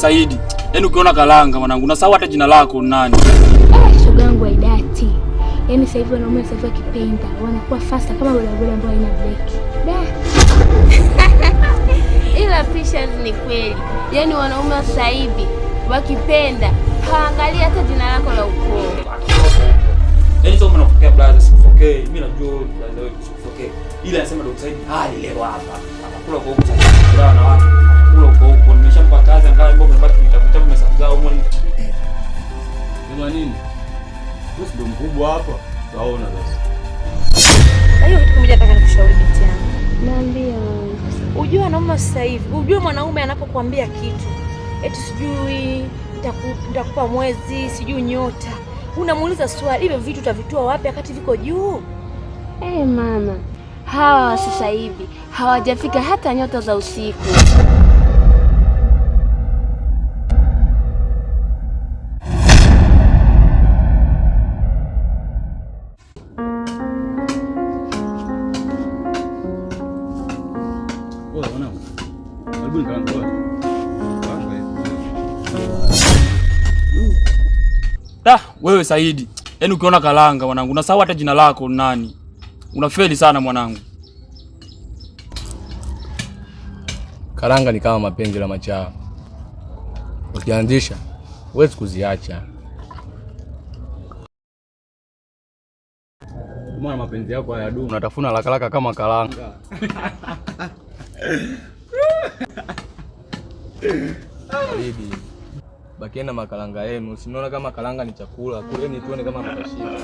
Saidi. Yaani ukiona kalanga mwanangu, na sawa hata jina lako nani? Eh, Shogangu aidati. Yaani sasa hivi wanaume sasa hivi kipenda, wanakuwa fasta kama wale wale ambao haina breki. Ila pisha ni kweli. Yaani wanaume sasa hivi wakipenda haangalia hata jina lako la ukoo. Yaani sasa mnapokea blaza sikupokee. Mimi najua blaza wewe sikupokee. Ila anasema ndio Saidi, ah leo hapa. Anakula kwa huko sasa. na watu kula huko huko, nimeshampa kazi angalau mbona mabaki vitabu vitabu huko ni kwa nini? Wewe ndio mkubwa hapa, utaona sasa. Hayo kitu kimoja nataka nikushauri binti yangu. Naambia ujue anauma sasa hivi, ujue mwanaume anapokuambia kitu eti sijui nitakupa mwezi sijui nyota, unamuuliza swali hivyo vitu utavitoa wapi wakati viko juu? Eh, hey mama, hawa sasa hivi hawajafika hata nyota za usiku. Wewe Saidi, yaani ukiona kalanga mwanangu, sawa hata jina lako nani. Unafeli sana mwanangu. karanga ni kama mapenzi la machao, ukianzisha huwezi kuziacha. Mwana, mapenzi yako hayadumu, unatafuna haraka haraka kama kalanga. bakieni na makalanga yenu. Sinaona kama kalanga ni chakula, kuleni tuone kama mtashiba.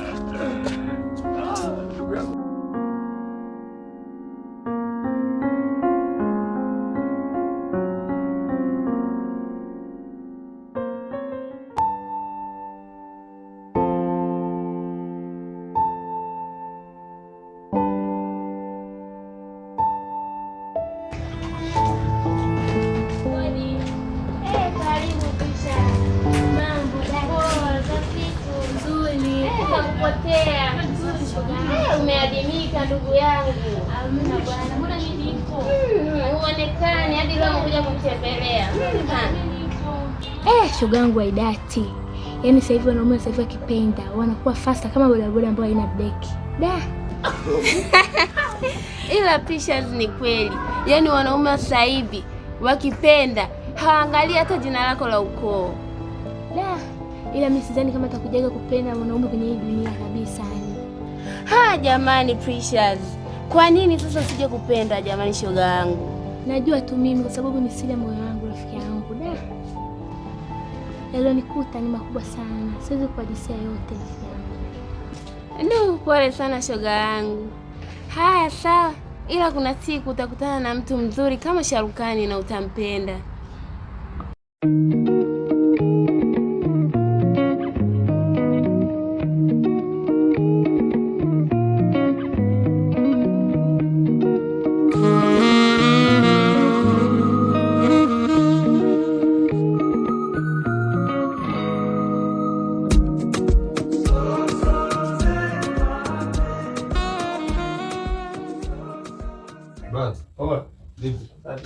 umepotea, umeadimika ndugu yangu, hmm, uonekane hadi leo umekuja kumtembelea. Eh, shoga yangu Aidati, yaani sasa hivi wanaume sasa hivi wakipenda wanakuwa fasta kama bodaboda ambayo haina breki da ila pictures ni kweli, yaani wanaume sasa hivi wakipenda hawaangalii hata jina lako la ukoo da ila mimi sidhani kama atakujaga kupenda mwanaume kwenye hii dunia kabisa. Ha, jamani Precious, kwa nini sasa usije kupenda jamani, shoga yangu? Najua tu mimi kwa sababu ni siri ya moyo wangu, rafiki yangu. Da, yalionikuta ni makubwa sana, siwezi kuajisia yote, rafiki yangu. Ndio, pole sana shoga yangu. Haya, sawa, ila kuna siku utakutana na mtu mzuri kama Sharukani na utampenda.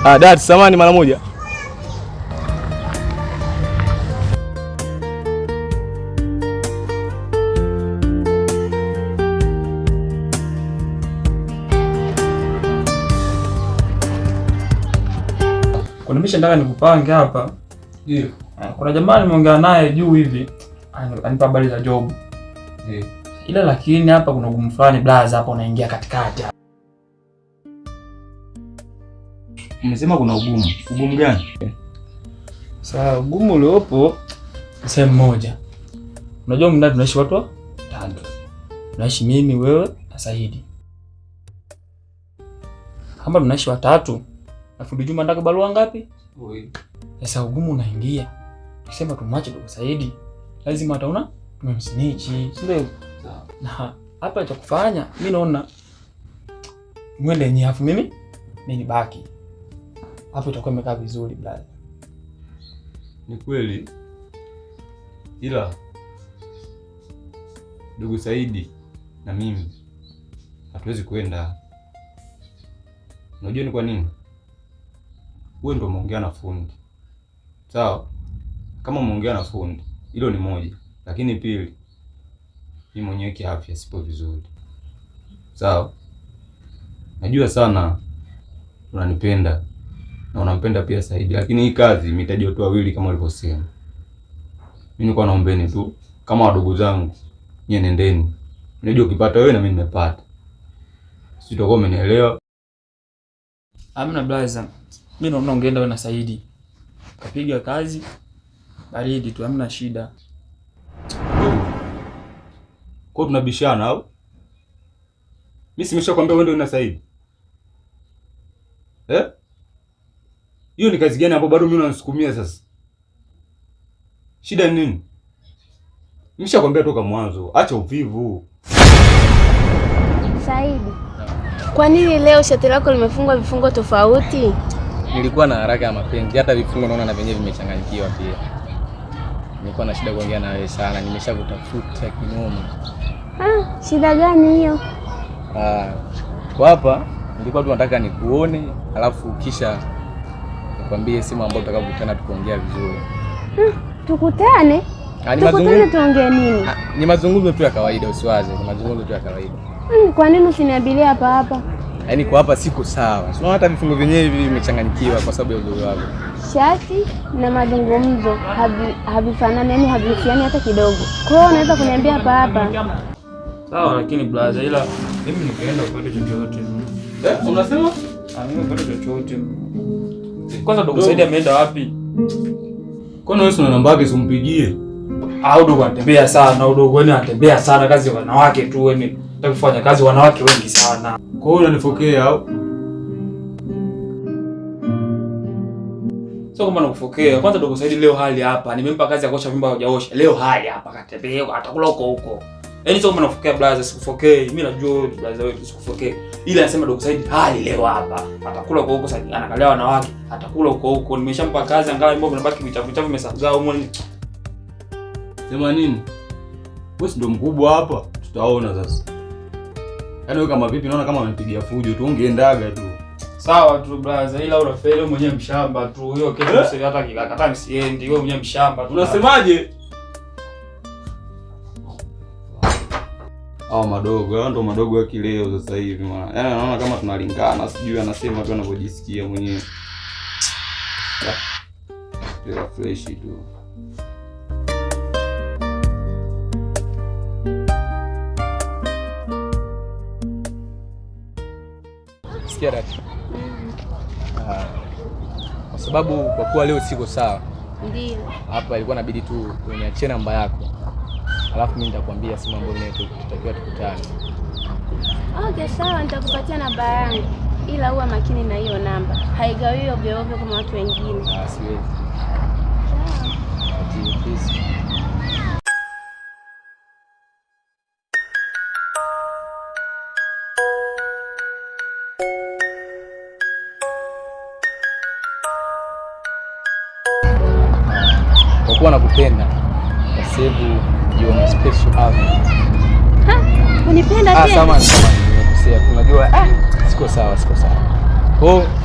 Ah, dad, samani mara moja. Kuna mishi ndaka nikupange hapa. Ndio. Eh, kuna jamaa nimeongea naye juu hivi anipa habari za job. Ndio. Ila lakini hapa kuna ugumu fulani blaza, hapa unaingia katikati Umesema kuna ugumu. Ugumu gani? Sasa ugumu uliopo sehemu moja. Unajua mna tunaishi watu watatu. Tunaishi mimi, wewe na Saidi. Kama tunaishi watatu, na fundi Juma anataka barua ngapi? Oi. Sasa ugumu unaingia. Tukisema tumwache ndugu Saidi, lazima ataona tumemsinichi, si ndio? Na hapa cha kufanya mimi naona mwende nyafu mimi mimi nibaki hapo itakuwa imekaa vizuri brother. Ni kweli, ila ndugu Saidi na mimi hatuwezi kwenda. Unajua ni kwa nini? Wewe ndio umeongea na fundi, sawa? Kama umeongea na fundi, hilo ni moja, lakini pili, mimi mwenyewe kiafya sipo vizuri, sawa? Najua sana unanipenda na unampenda pia Saidi, lakini hii kazi mitaji watu wawili kama walivyosema. Mimi nilikuwa naombeni tu kama wadogo zangu, nyie nendeni, unajua ukipata wewe na mimi nimepata, sisi tutakuwa umenielewa. Amna blaza, mimi naona ungeenda wewe na Saidi kapiga kazi baridi tu, amna shida. Kwa tunabishana au? Mimi simeshakwambia wewe ndio na Saidi eh? hiyo ni kazi gani hapo? Bado mimi nasukumia sasa, shida ni nini? Nimeshakwambia toka mwanzo, acha uvivu. Saidi, kwa nini leo shati lako limefungwa vifungo tofauti? Nilikuwa na haraka ya mapenzi, hata vifungo naona na vyenyewe vimechanganyikiwa pia. Nilikuwa na shida kuongea na wewe sana, nimeshakutafuta kinoma. Ah, shida gani hiyo? Ah, kwa hapa nilikuwa tu nataka nikuone, alafu kisha Nikwambie simu ambayo tutakapokutana tukuongea vizuri. Hmm, tukutane? Ah, tukutane tuongee nini? Ah, ni mazungumzo tu ya kawaida usiwaze, ni mazungumzo tu ya kawaida. Hmm, kwa nini usiniabilia hapa hapa? Yaani kwa hapa siko sawa. Sio hata vifungo vyenyewe hivi vimechanganyikiwa kwa sababu ya uzuri wako. Shati na mazungumzo havifanani, yani havihusiani hata kidogo. Kwa hiyo unaweza kuniambia hapa hapa. Sawa, lakini brother, ila mimi nikaenda kwa chochote. Eh, unasema? Ah, mimi kwa chochote kwanza dogo Saidi ameenda wapi? Kwani wewe una namba yake simpigie? Au dogo anatembea sana, au dogo wewe anatembea sana kazi ya wanawake tu wewe. Nataka kufanya kazi wanawake wengi sana. Kwa hiyo unanifokea au? Sio kama nakufokea. Kwanza dogo Saidi leo hali hapa, nimempa kazi ya kuosha vyumba hujaosha. Leo hali hapa katembea, atakula huko huko. Yaani sio kama nakufokea blaza sikufokee. Mimi najua blaza wewe sikufokee. Ila anasema Dogo Said hali leo hapa. Atakula huko huko sasa anakalia wanawake, atakula huko huko. Nimeshampa kazi angalau mbona mnabaki vichafu vichafu vimesagaa huko. Sema nini? Wewe ndio mkubwa hapa. Tutaona sasa. Yaani wewe kama vipi naona kama amempigia fujo tu ungeendaga tu. Sawa tu blaza, ila unafeli mwenyewe mshamba tu. Hiyo kesho eh? hata kikakata msiendi, wewe mwenyewe mshamba tu. Unasemaje? au madogo hayo ndo madogo wa kileo sasa hivi mwana. yaani anaona kama tunalingana sijui anasema tu anavyojisikia mwenyewe ila fresh tu sikia ah, kwa sababu kwa kuwa leo siko sawa ndio hapa ilikuwa inabidi tu kuniachie namba yako alafu mimi nitakwambia simu ambayo tutakiwa tukutane. Ah, okay, sawa, nitakupatia namba yangu, ila uwe makini na hiyo namba, haigawii ovyo ovyo kama watu wengine. Ah, siwezi. Kwa kuwa nakupenda kwa sababu jioni special unipenda ah, tena. Ah, samahani, samahani, nimekosea. Unajua ah, siko sawa, siko sawa. Oh,